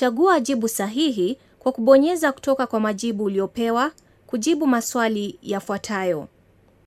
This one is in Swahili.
Chagua jibu sahihi kwa kubonyeza kutoka kwa majibu uliopewa, kujibu maswali yafuatayo.